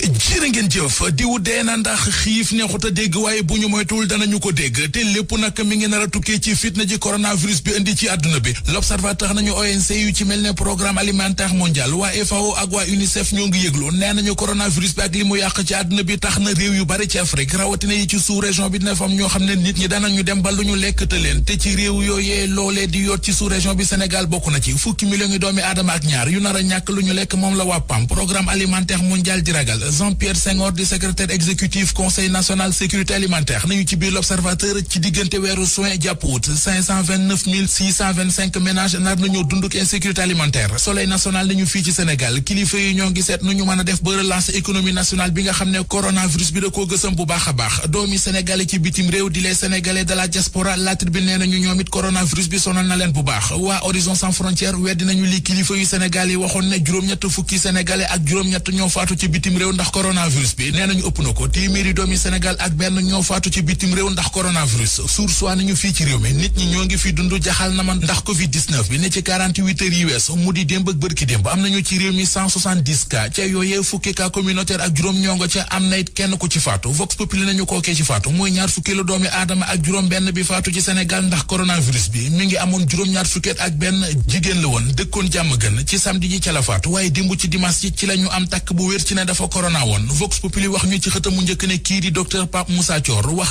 jërë ngeen jëf diw dee na ndax xiif neexut a dégg waaye bu ñu moytuwul danañu ko dégg te lépp nag mi ngi nar a tukkee ci fitna ji coronavirus bi indi ci àdduna bi l'observateur nañu ONC yu ci mel ne programme alimentaire mondial waa FAO ak waa UNICEF ñoo ngi yëglu nee nañu coronavirus bi ak li mu yàq ci àdduna bi tax na réew yu bari ci Afrique rawatina yi ci sous-région bi dina fa ñoo xam ne nit ñi ñu dem ba lu ñu lekk te leen te ci réew yooyee loolee di yoot ci sous-région bi Sénégal bokk na ci fukki millions yi doomi ak ñaar yu a ñàkk lu ñu lekk moom la waa PAM programme alimentaire di ragal Jean-Pierre Senghor di secrétaire exécutif conseil national sécurité alimentaire nañu ci biir l'observateur ci diggante weeru juin jàpp août 529 625 ménages nar nañoo dund ak insécurité alimentaire soleil national nañu fii ci Sénégal kilifa yi ñoo ngi seet nu ñu mën a def ba relancer économie nationale bi nga xam ne coronavirus bi da koo gësam bu baax a baax doomi sénégalais ci bitim réew di les sénégalais de la diaspora la tribune nee nañu ñoom it coronavirus bi sonal na leen bu baax waa horizon sans frontières weddi yi waxoon ne juróom-ñett fukki sénégalais ak juróom-ñett ñoo faatu ci bitim réew ndax coronavirus bi nee nañu ëpp na ko téeméeri doomi Sénégal ak benn ñoo faatu ci bitim réew ndax coronavirus suur soit nañu fii ci réew mi nit ñi ñoo ngi fi dund jaxal na man ndax covid 19 bi ne ci 48 heures yi wees mu di démb ak ci ñoo kenn ku ci faatu vox populi nañu kookee mooy ñaar fukki la doomi aadama ak juróom benn bi faatu ci Sénégal ndax coronavirus bi mi ngi amoon juróom-ñaar fukki ak benn jigéen la woon dëkkoon jàmm gën ci samedi ji ca waaye démb ci dimanche ci la am takk bu wér ci ne dafa corona woon Vox Populi wax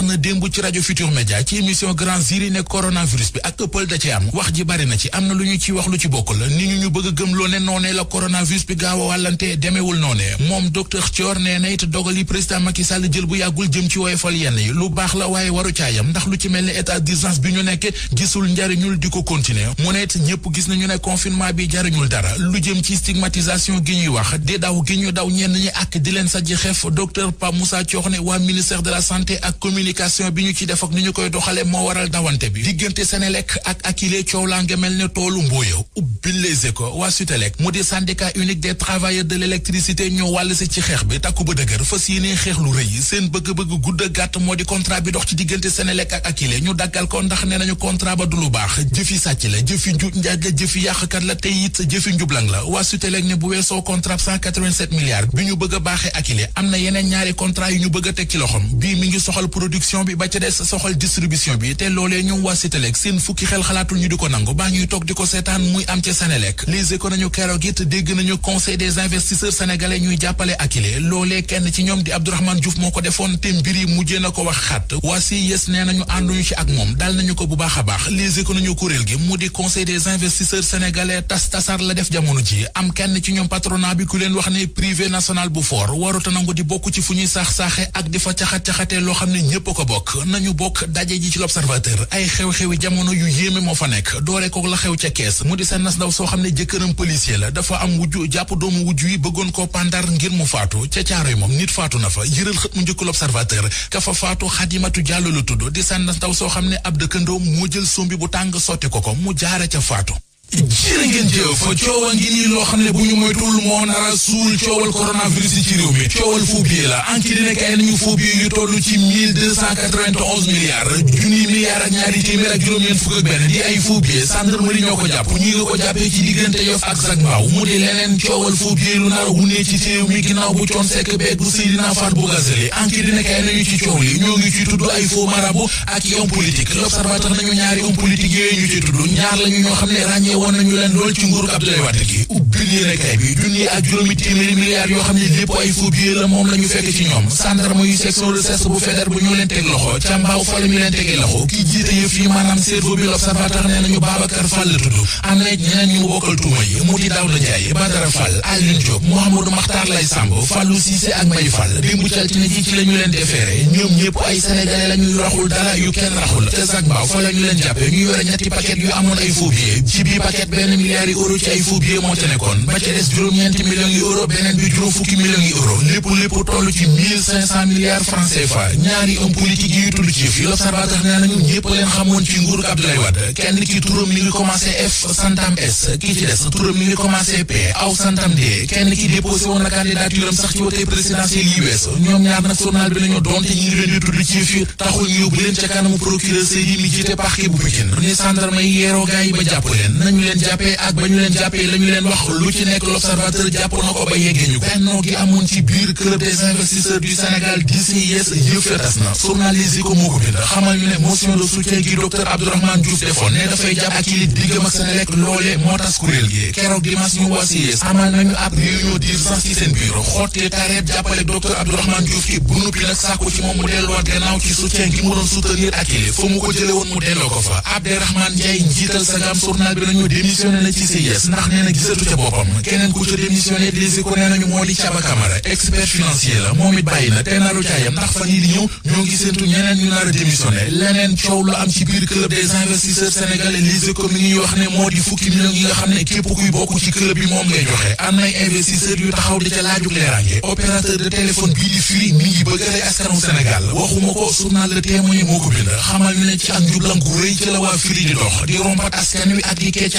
na démb ci rajo Futur Média ci émission Grand Jury ne coronavirus bi ak ëppal da ci am wax ji bari ci am na lu ñu ci wax lu ci bokk la ni ñu ñu bëgg a gëm loo ne noonee la coronavirus bi gaaw a wàllante demewul noonee moom docteur Thior nee dogal yi président Macky jël bu yàggul jëm ci woyofal yenn yi lu baax la waaye waru caayam ndax lu ci mel ne état d'urgence bi ñu nekk gisul njariñul di ko continuer mu ne it ñëpp gis nañu ne confinement bi jariñul dara lu jëm ci stigmatisation gi ñuy wax di daw gi di leen sa ji xef docteur Pape Moussa Thiokh ne waa ministère de la santé ak communication bi ñu ci def ak ni ñu koy doxale moo waral dawante bi diggante Senelec ak Akilee coow laa nga mel ne toolu mbooyo ubbi les échos waa Sutelec mu di syndicat unique des travailleurs de l'électricité ñoo wàll si ci xeex bi takku ba dëgër fas yéene xeex lu rëy seen bëgg-bëgg gudd gàtt moo di contrat bi dox ci diggante Senelec ak Akilee ñu daggal ko ndax nee nañu contrat ba du lu baax jëfi sàcc la jëfi njuuj la jëfi yàqkat la te it Baaxe Akile am na yeneen ñaari contrat yu ñu bëgg a teg bii mi ngi soxal production bi ba ca des soxal distribution bi te loolee ñoom waa Sétélec fukki xel xalaatul ñu di ko nangu baa ñuy toog di ko seetaan muy am ca Sénélec les éco nañu keroog dégg nañu conseil des investisseurs sénégalais ñuy jàppale Akile loolee kenn ci ñoom di Abdourahmane Diouf moo ko defoon te mbir yi na ko wax xat waa CIS nee nañu ànduñu ci ak moom dal a woor waruta nangu di bokk ci fu ñuy saax-saaxe ak di fa caxat-caxatee loo xam ne ñépp ko bokk nañu bokk daje ji ci l'observateur ay xew-xewi jamono yu yéeme moo fa nekk doore ko la xew ca kees mu di seen nas ndaw soo xam ne jëkkëram policier la dafa am wujju jàpp doomu wujju yi bëggoon ko pandar ngir mu faatu ca caaro yi moom nit faatu na fa yëral xët mu njëkk l'observateur ka fa faatu xadimatu jàllo la tudd di seen nas ndaw soo xam ne ab dëkkandoom moo jël sombi bu tàng sotti ko ko mu jaare ca faatu jërë ngeen jëf coowal ngi nii loo xam ne bu ñu moytul moo nara suul coowal coronavirus yi ci réew mi coowal faux la anki dina kay nañu faux yu toll ci mille junni milliards ñaari téeméer ak juróom-ñeent fukk benn di ay faux billets ñoo ko jàpp ñu ngi ko jàppee ci diggante Yoff ak Zac mu di leneen coowal faux lu nara wunee ci réew mi ginnaaw bu coon sekk beeg bu Seydina Fall bu gazeli anki dina kay nañu ci coow woon nañu leen lool ci nguurug Abdoulaye Wade gi ubbil yéenekaay bi junni ak juróomi téeméeri milliards yoo xam ne lépp ay faux la moom la fekk ci ñoom sandarma yu section recherche bu fédéral bu ñoo leen teg loxo ca mbaaw fale leen tegi loxo ki jiite yëf yi maanaam cerveau bi l'Observateur nee nañu Babacar Fall la tudd am na ñu bokkal tuuma yi mu di Daouda Ndiaye Badara Fall Alioune Diop Mouhamadou Makhtar Lay Samb Fallou Cissé ak Mbaye Fall démb ci altine ci paquet benn milliard yi euro ci ay faux billets moo ca nekkoon ba ca des juróom-ñeenti millions yi euro beneen bi juróom fukki millions yi euro lépp lépp toll ci mille cinq cent ñaari homme politique ci fi turam mi ngi commencé F santam S ki ci des turam mi ngi commencé P aw santam D kenn ki déposé woon na sax ci wote présidentielle yi wees ñoom ñaar nag bi nañoo donte ñi ngi leen di ci fi taxul ñu yóbbu leen ca kanamu procureur Seydi mi jiite parquet bu ñu leen jàppee ak ba ñu leen jàppee la ñu leen wax lu ci nekk l'observateur jàpp na ne dafay jàpp ak li diggam ak Senelec loolee moo tas kuréel gi keroog dimanche ñu waa CIS amal nañu ab réunion d'urgence ci seen bureau xottee tareet jàppale docteur Abdourahmane Diouf ci bu nuppi nag sàkku ci moom mu delluwaat gannaaw ci soutien gi mu doon soutenir ak li fa mu ko jële mu delloo ko fa Abdourahmane Ndiaye njiital sagam journal bi nañu démissionné na ci CIS ndax nee gisatu ca boppam keneen ku ca démissionné desi ko nañu moo di Thiaba expert financier la moom it bàyyi na te naru caayam ndax fan yii di ñëw ñoo ngi séentu ñeneen ñu nar a leneen coow lu am ci biir club des investisseurs sénégalais lise ko mi wax ne moo di fukki millions yi nga xam ne képp kuy bokk ci club bi moom ngay joxe am nay investisseurs yu taxaw di ca laaju leeraange opérateur de téléphone bii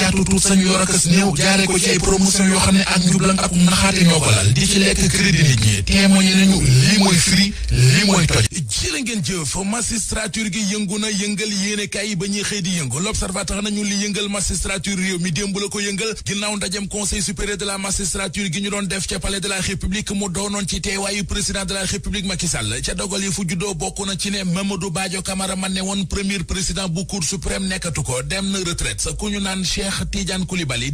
a caatu tuut sañu yor akas néew jaare ko ci ay promotion yoo xam ne ak njublang ak naxaate ñoo ko lal di ci lekk crédit nit ñi témoigné nañu lii mooy firi lii mooy toj jërë ngeen jëf magistrature gi yëngu na yëngal yéenekaay ba ñuy xëy di yëngu l'observateur nañu li yëngal magistrature réew mi démb la ko yëngal ginnaaw ndajem conseil supérieur de la magistrature gi ñu doon def ca palais de la république mu doonoon ci teewaayu président de la république Macky ca dogal yi fu juddoo bokk na ci ne Mamadou Badio Camara ma ne woon premier président bu cour suprême nekkatu ko dem na retraite ku ñu naan Cheikh Tidiane Koulibaly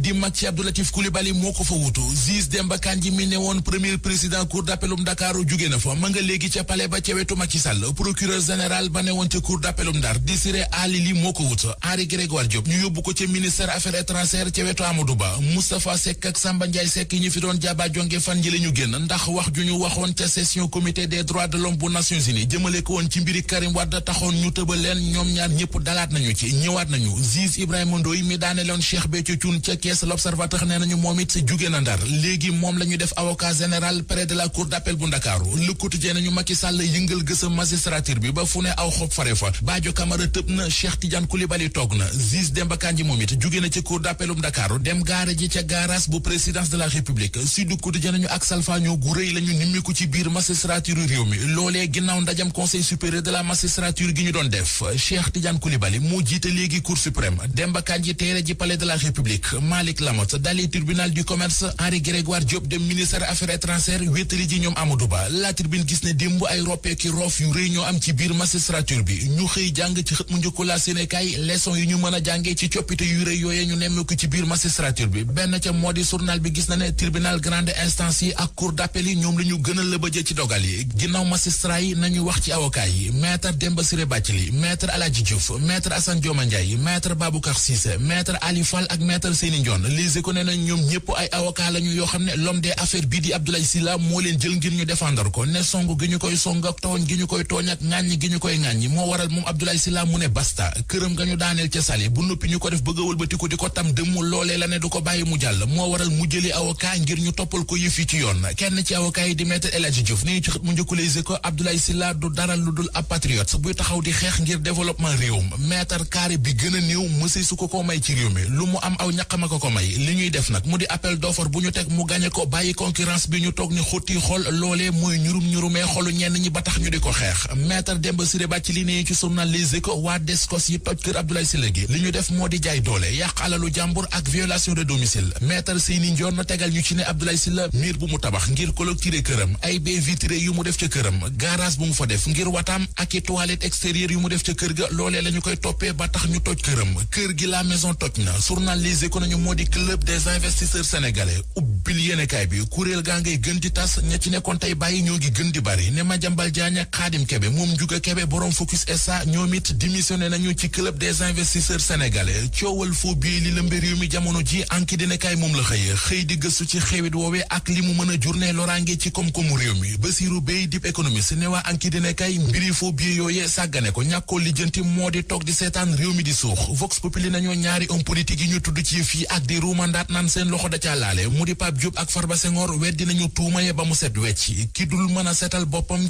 procureur général ba ne woon ca cour d'appelum Ndar Désiré Ali Ly moo ko wut Henri Grégoire Diop ñu yóbbu ko ca ministère affaires étrangères ca wetu Amadou Ba Moustapha Seck ak Samba Ndiaye Seck yi ñu fi doon jaaba jonge fan ji la génn ndax wax ju ñu waxoon ca session comité des droits de l'homme bu Nations Unies jëmale ko woon ci mbiri Karim Wade taxoon ñu tëbal leen ñoom ñaar ñëpp dalaat nañu ci ñëwaat nañu juge Ibrahima Ndoye mi daane magistrature bi ba fu ne aw xob fare fa Badio Camara tëb na Cheikh Tidiane Koulibaly toog na Ziz Demba Kandji moom it jóge na ci cour d'appelum Dakar dem gaara ji ca garage bu présidence de la république Sud Quotidien nañu ak salfaañoo gu rëy la nimmiku ci biir magistrature réew mi loolee ginnaaw ndajam conseil supérieur de la magistrature gi ñu doon def Cheikh Tidiane Koulibaly moo jiite léegi cour suprême Demba Kandji teere ji palais de la république Malick rëy ñoo am ci biir magistrature bi ñu xëy jàng ci xët mu njëkku la sénékaay leçon yi ñu mën a jàngee ci coppite yu rëy yooyee ñu nemme ko ci biir magistrature bi benn ca moo di bi gis na ne tribunal grande instance yi ak cour ñoom la ñu gën a lëbëje ci dogal yi ginnaaw magistrat yi nañu wax ci avocat yi maître Demba Ciré Bathily maître Aladji Diouf maître Assane Dioma Ndiaye maître Baboucar Cissé maître ak maître Seyni Ndione lise ko ne nañ ñoom ñëpp ay yoo xam ne l'homme des affaires bii di Abdoulaye Sylla moo leen jël ngir ñu ñu koy song ak tooñ ak ŋàññi gi ñu koy ŋàññi moo waral moom Abdoulaye Sylla mu ne basta këram nga ñu daaneel ca Saly bu noppi ñu ko def bëgg a wëlbatiku di ko tam dëmmul loolee la ne du ko bàyyi mu jàll moo waral mu jëli avocat ngir ñu toppal ko yëf yi ci yoon kenn ci avocat yi di maître El Hadji Diouf ni ñu ci xët mu njëkk Les Échos Abdoulaye Sylla du dara lu dul ab patriote buy taxaw di xeex ngir développement réewum mètre carré bi gën a néew mësi su ko ko may ci réew mi lu mu am aw ñaqam a ko ko may li ñuy def nag mu di appel d'offre bu ñu teg mu gàñe ko bàyyi concurrence bi ñu toog ni xutti xool loolee mooy ñurum ñurumee xolu ñenn ñi ba tax ñu di ko xeex jeex maître Demba Ciré Bathily ne ci journal Les Échos waa Descos yi toj kër Abdoulaye Sylla gi li ñu def moo di jaay doole yàq alalu jàmbur ak violation de domicile maître Seyni Ndior na tegal ñu ci ne Abdoulaye Sylla miir bu mu tabax ngir clôturer këram ay baies vitrées yu mu def ca këram garage bu mu fa def ngir wataam ak i toilette extérieure yu mu def ca kër ga loole la ñu koy toppee ba tax ñu toj këram kër gi la maison toj na journal Les Échos nañu moo di club des investisseurs sénégalais ubbil yéenekaay bi kuréel gaa ngay gën di tas ña ci nekkoon tey bàyyi ñoo ngi gën di bari ne Madiambal Diagne ak Khadim Kébé moom Ndiouga Kébé borom Focus SA ñoom it nañu ci club des investisseurs sénégalais coowal foo bii réew mi jamono ji anki dina moom la xëye xëy di gëstu ci xewit woowee ak li mu mën a journée loraange ci koom-koomu réew mi Basiru Bey dip économiste ne waa anki mbiri foo bii sàggane ko ñàkkoo lijjanti moo di toog di seetaan réew mi di suux Vox Populi nañoo ñaari homme politique yi ñu tudd ci fii ak di ruumandaat naan seen loxo ba mu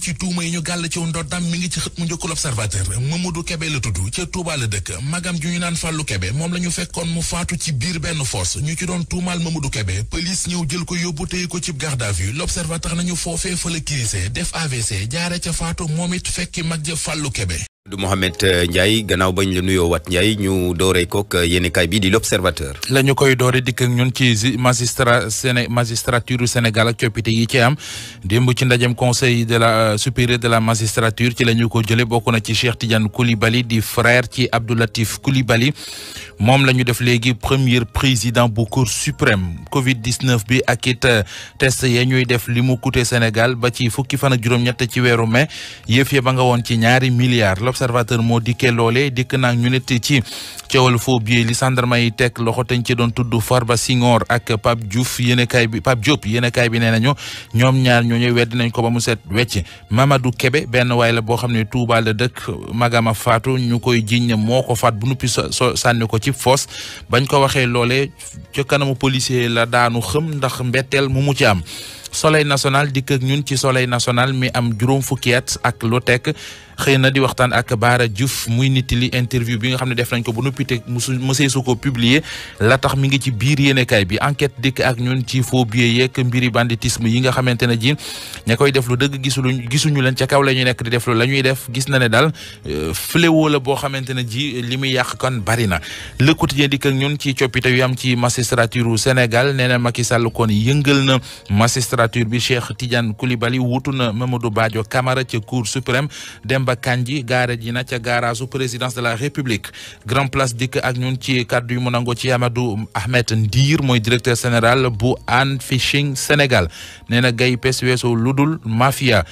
a ndottam mi ngi ci xët mu njëkkul observateur Mamadou Kébé la tudd ca Touba la dëkk magam ju ñu naan Fallou Kébé moom la ñu fekkoon mu faatu ci biir benn force ñu ci doon tuumaal Mamadou Kébé police ñëw jël ko yóbbu téye ko ci garde à vue l'observateur nañu foofee fa la def AVC jaare ca faatu moom it fekki mag ja Fallou Kébé du Mohamed euh, Ndiaye gannaaw bañ la nuyoo wat Ndiaye ñu dooree kook euh, yéenekaay bi di l'observateur la ñu koy doore dikk ak ñun ci magistrat séné magistrature Sénégal ak coppite yi ci am démb ci ndajem conseil de la euh, supérieur de la magistrature ci la ñu ko jële bokk na ci tijan Tidiane bali di frère ci Abdoulatif Koulibaly moom la ñu def léegi premier président bu cour suprême Covid 19 bi ak it test ya ñuy def li mu coûté Sénégal ba ci fukki fan ak juróom-ñett ci weeru mai yëf ya ci ñaari milliards l'observateur moo dikkee loolee dikk naag ñu nit ci coowal faux billets li sandarma yi teg loxo teñ ci doon tudd Farba Senghor ak Pape Diouf yéenekaay bi Pape Diop yéenekaay bi nee nañu ñoom ñaar ñooñu weddi nañ ko ba mu set wecc Mamadou Kébé benn waay la boo xam ne Touba la dëkk magama faatu ñu koy jiiñ moo ko faat bu nuppi so sànni ko ci foos bañ ko waxee loole ca kanamu policier la daanu xëm ndax mbetteel mu mu ci am soleil national dikk ak ñun ci soleil national mi am juróom fukki ak lu tekk xëy na di waxtaan ak Baara Diouf muy nittali interview bi nga xam ne def nañ ko ba noppi te mosu mosee su ko publier la tax mi ngi ci biir yéenekaay bi enquête dikk ak ñun ci faux billets yeeg mbiri banditisme yi nga xamante ne ji ña koy def lu dëgg gisuluñ gisuñu leen ca kaw la ñuy nekk di def la ñuy def gis na ne daal euh, fléau la boo xamante ne ji li muy yàq kan bari na le quotidien dikk ak ci coppite yu am ci magistrature Sénégal nee na Macky Sall kon yëngal na magistrature bi Cheikh Tidiane Koulibaly wutu na Mamadou Badio Camara ca cour suprême dem Demba Kandji gaare ji na ca garage su présidence de la république grand place dikk ak ñun ci kàddu yu mu nangoo ci Amadou Ahmed Ndir mooy directeur général bu Anne Fishing Sénégal nee na gay pes weesu ludul mafia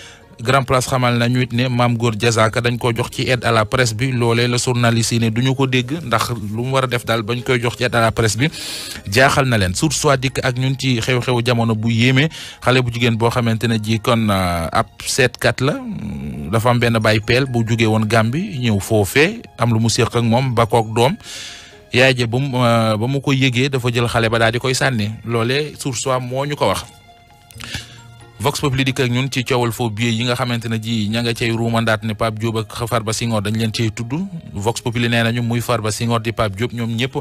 grand place xamal nañu it ne maam góor Diazaka dañ ko jox ci aide à la presse bi loolee la journaliste yi ne du ñu ko dégg ndax lu mu war a def daal bañ koy jox ci aide à la presse bi jaaxal na leen sur soit dikk ak ñun ci xew-xewu jamono bu yéeme xale bu jigéen boo xamante ne ji kon ah, ab seetkat la mm, dafa am benn bàyyi peel bu jugee woon Gàmbi ñëw foofee am lu mu séq ak moom ba kook doom yaay je ba mu ah, ba mu ko yëgee dafa jël xale ba daal di koy sànni loole sur soit moo ñu ko wax. Vox Populi dikk ñun ci coowal faux billets yi nga xamante ne ji ña nga cay ruumandaat ne Pape Diop ak Farba Senghor dañ leen ciy tudd Vox Populi nee ñu muy Farba Senghor di Pape Diop ñoom ñëpp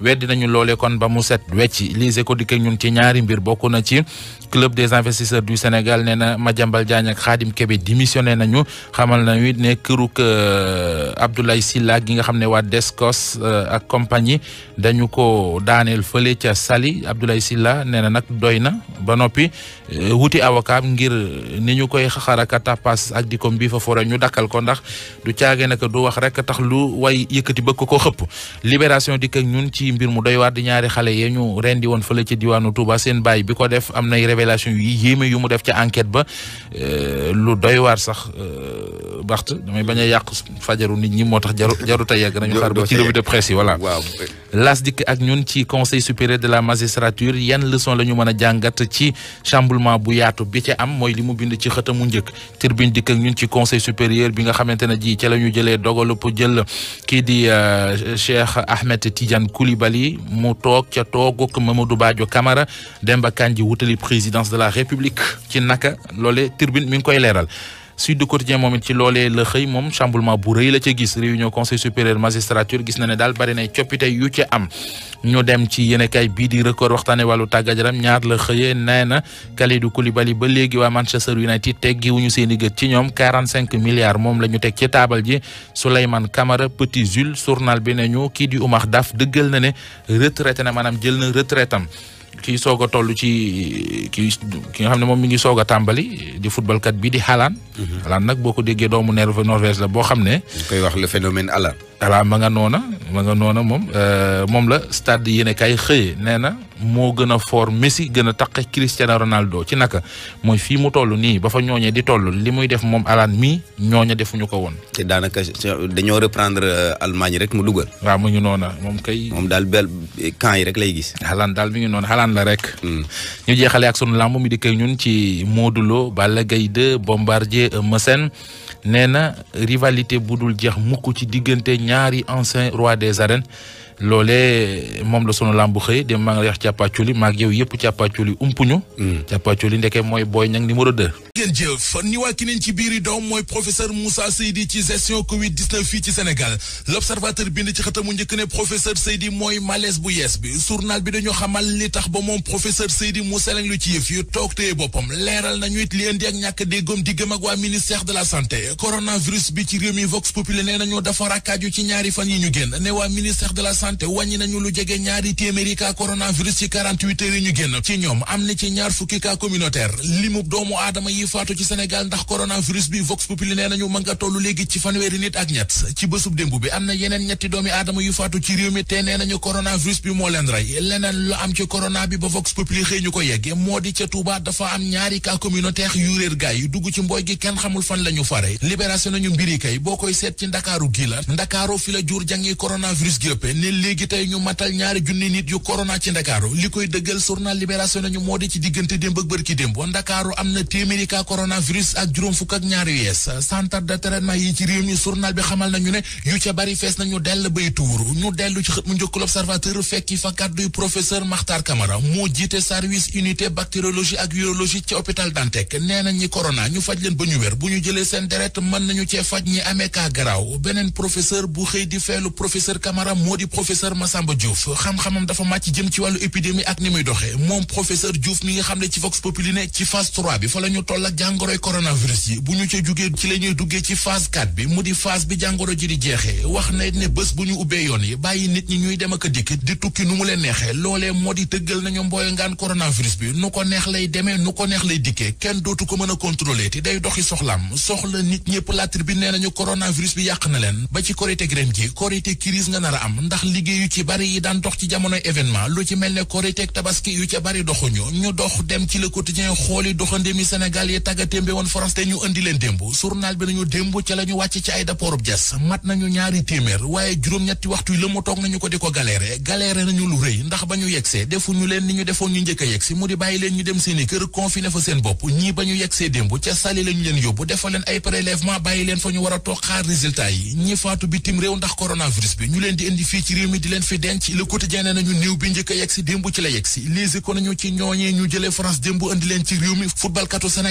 weddi ñu loolee kon ba mu set wecc lise ko dikk ak ñun ci ñaari mbir bokk na ci club des investisseurs du Sénégal nee na Madiambal Diagne ak Khadim Kébé démissionné nañu xamal nañu ne këruk euh, Abdoulaye Sylla gi nga xam ne waa Descos euh, ak compagnie dañu ko daaneel fële ca Saly Abdoulaye Sylla nee na nag doy na noppi euh, wakaam ngir ni ñu koy xaxaraka tapas ak di kom bii fa fore ñu dakkal ko ndax du caage naka du wax rek tax lu way yëkkati bëgg ko xëpp libération dikk ak ñun ci mbir mu doy waar ñaari xale yee ñu rendi woon fële ci diwaanu Touba seen baay bi ko def am nay révélation yu yéeme yu mu def ca enquête ba euh, lu doy waar sax euh, baxt damay bañ a yàq nit ñi moo tax jaru jaru ta yegg nañu xaar ba ci de conseil supérieur de la magistrature yan leçon la ñu a jàngat ci chamboulement bu yaatu bi ca am mooy li mu bind ci xëtamu njëkk turbine dikk ak ñun ci conseil supérieur bi nga xamante ne ji ca la ñu jëlee dogalu pour jël kii di euh, Cheikh Ahmed Tidiane Koulibaly mu toog ca tooguk Mamadou Badio Camara Demba Kandji wutali présidence de la République ci naka loole turbine mi ngi koy leeral Sud Quotidien moom it ci loolee la xëy moom chamboulement bu rëy la ca gis réunion conseil supérieur magistrature gis na ne daal barina nay coppite yu ca am ñu dem ci yéenekaay bii di record waxtaane wàllu tàggat-yaram ñaar la xëyee nee na Kalidou Koulibaly ba léegi waa Manchester United teggiwuñu seen i gët ci ñoom 45 milliards moom la ñu teg ci taabal ji Souleymane Camara Petit Jules journal bi ne ñu kii di Oumar Daf dëggal na ne retraité na maanaam jël na retraitam kii soog a toll ci ki ki nga xam ne moom mi ngi soog a tàmbali di football kat bi di Haaland. Mhm. Haaland nag boo ko déggee doomu Norvège la boo xam ne. koy wax le phénomène Haaland. voilà ma nga noona ma nga noona moom euh, moom la stade yéen kay xëyee nee na moo gën a fort Messi gën a taqe Cristiano Ronaldo ci naka mooy fii mu toll nii ba fa ñooñee di toll li muy def moom alaan mii ñooña defuñu ko woon. te daanaka dañoo reprendre euh, Allemagne rek mu dugal. waa mu ngi noona moom kay. moom daal bel camp yi rek lay gis. xalaan daal mi ngi noonu xalaan la rek. Hmm. ñu jeexalee ak sunu làmb mi di kay ñun ci Modou Lo Balla Gaye 2 Bombardier Eumeu Sène nee na rivalité bu dul jeex mukk ci diggante ñaari ancien roi des arènes loole moom la sunu làmb xëy dem maa ngi lay wax càppaaculi maag yow yëpp càppaaculi umpuñu. Mm. càppaaculi ndeke mooy Boy Niang numéro 2. ngeen jëf ni waa ki neen ci biiri doom mooy professeur Moussa ci gestion covid fii ci Sénégal l'observateur bind ci xëtamu njëkk ne professeur Seydi mooy lu ci yu toog téye boppam leeral nañu it li indi ak ñàkk déggom diggëm ak waa ministère de la santé coronavirus bi ci réew mi Vox Populi nee nañu dafa rakkaaju ci ñaari fan yi ñu génn ne waa ministère de la santé wàññi nañu lu jege ñaari téeméeri cas coronavirus ci yi ñu génn ci ñoom am na ci ñaar fukki faatu ci Sénégal ndax coronavirus bi Vox Populi nee nañu ma nga tollu léegi ci fanweeri nit ak ñett ci bésub démb bi am na yeneen ñetti doomi aadama yu faatu ci réew mi te nee nañu coronavirus bi moo leen rey leneen lu am ci corona bi ba Vox Populi xëy ñu ko yegge moo di ca Touba dafa am ñaari cas communautaire yu réer gaay yu dugg ci mbooy gi kenn xamul fan la ñu fare libération nañu mbiri kay boo koy seet ci ndakaaru gii la ndakaaru fi la jur jàngi coronavirus gi ëppe ne léegi tey ñu matal ñaari junni nit yu corona ci ndakaaru li koy dëggal journal libération nañu moo di ci diggante démb ak bërki démb ndakaaru am na cas coronavirus ak juróom fukk ak ñaari yees centre de traitement yi ci réew mi journal bi xamal nañu ne yu ca bari fees nañu dell bay tuur ñu dellu ci xët mu njëkk l'observateur fekki fa kàdduy professeur Makhtar Camara moo jiite service unité bactériologie ak urologie ci hôpital Dantec nee nañ ñi corona ñu faj leen ba ñu wér bu ñu jëlee seen deret mën nañu cee faj ñi amee cas garaaw beneen professeur bu xëy di feelu professeur Camara moo di professeur Massamba Diouf xam-xamam dafa màcc jëm ci wàllu épidémie ak ni muy doxee moom professeur Diouf mi ne ci Vox Populi ne wala jàngoroy coronavirus yi bu ñu ca jugee ci la ñuy duggee ci phase 4 bi mu di phase bi jàngoro ji di jeexee wax na ne bés bu ñu ubbee yoon yi bàyyi nit ñi ñuy dem ak a dikk di tukki nu mu leen neexee loolee moo di tëggal nañu mbooy ngaan coronavirus bi nu ko neex lay demee nu ko neex lay dikkee kenn dootu ko mën a te day doxi soxlaam soxla nit ñëpp la tribune nee nañu coronavirus bi yàq na leen ba ci korite green gi korite nga nar a am gaal yi tagga France te ñu andi leen démb journal bi nañu démb ca la wàcc ci ay dapoorub jas mat nañu ñaari téeméer waaye juróom-ñetti waxtu yi la mu di ko galéré galéré nañu lu rëy ndax ba ñu ni njëkk yegsi mu di bàyyi leen ñu dem seeni kër confiné fa seen bopp ñii ba ñu yegsee démb ca sali lañu leen yóbbu defal ay prélèvement bàyyi leen fa ñu war a xaar résultat yi ñi faatu bitim réew ndax coronavirus bi ñu leen di indi fii ci réew mi di leen fi denc le quotidien nañu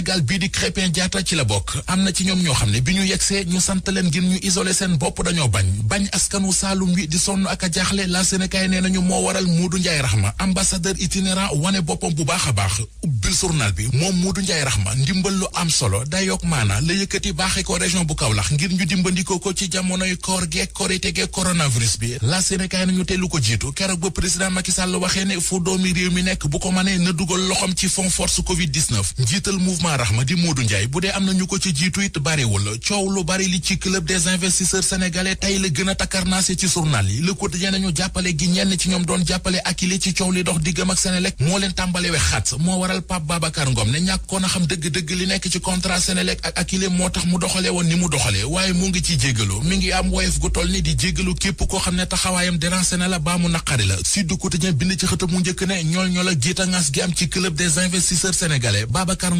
Sénégal bii di Krépin Diatta ci la bokk am na ci ñoom ñoo xam ne bi ñu yegsee ñu sant leen ngir ñu isolé seen bopp dañoo bañ bañ askanu Saalum wi di sonn ak a jaaxle la Sénégal ne nañu moo waral Moodu Njaay Rahma ambassadeur itinérant wane boppam bu baax a baax ubbil journal bi moom mu Moodu Njaay ma ndimbal lu am solo day dayook maana la yëkkati baaxe ko région bu lax ngir ñu dimbandikoo ko ci jamonoy koor geeg korite geeg coronavirus bi la Sénégal nañu teel ko jiitu keroog ba président Macky Sall waxee ne fu doomi réew mi bu ko mënee na dugal loxom ci fond force Covid 19 njiital mouvement rahma di Modou Ndiaye bu dee am na ñu ko ci jiitu it barewul coow lu bari li ci club des investisseurs sénégalais tey la gën a takkarnaase ci journal yi Le Quotidien nañu jàppale gi ñenn ci ñoom doon jàppale Akilee ci coow li dox diggam ak Senelec moo leen tàmbale we xat moo waral Pape Babacar ngoom ne ñàkkoon a xam dëgg-dëgg li nekk ci contrat Senelec ak Akilee moo tax mu doxale woon ni mu doxale waaye mu ngi ciy jégalu mi ngi am woyof gu toll ni di jégalu képp koo xam ne taxawaayam dérancé na la baa mu la Sud Quotidien bind ci xëtam njëkk ne ñool ñool a giita ngas am ci club des investisseurs sénégalais Babacar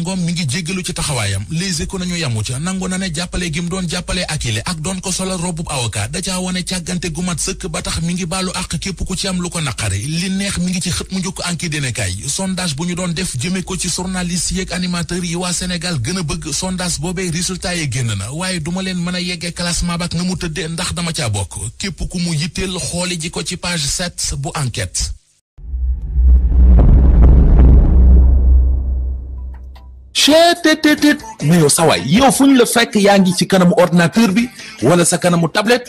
jéggalu ci taxawaayam les éco nañu yamu ca nangu na ne jàppale gi mu doon jàppale Akile ak doon ko solal robub avocat da caa wone càggante gu mat sëkk ba tax mi ngi baalu àq képp ku ci am lu ko naqari li neex mi ngi ci xët mu njëkk anki dinekaay sondage bu ñu doon def jëme ko ci journaliste yeeg animateur yi waa Sénégal gën a bëgg sondage boobee résultat yi génn na waaye duma leen mën a yeggee classement bak na mu tëddee ndax dama caa bokk képp ku mu yitteel xooli ji ko ci page 7 bu enquête cheetetetet mais yow sa waay yow fu ñu la fekk yaa ngi ci kanamu ordinateur bi wala sa kanamu tablette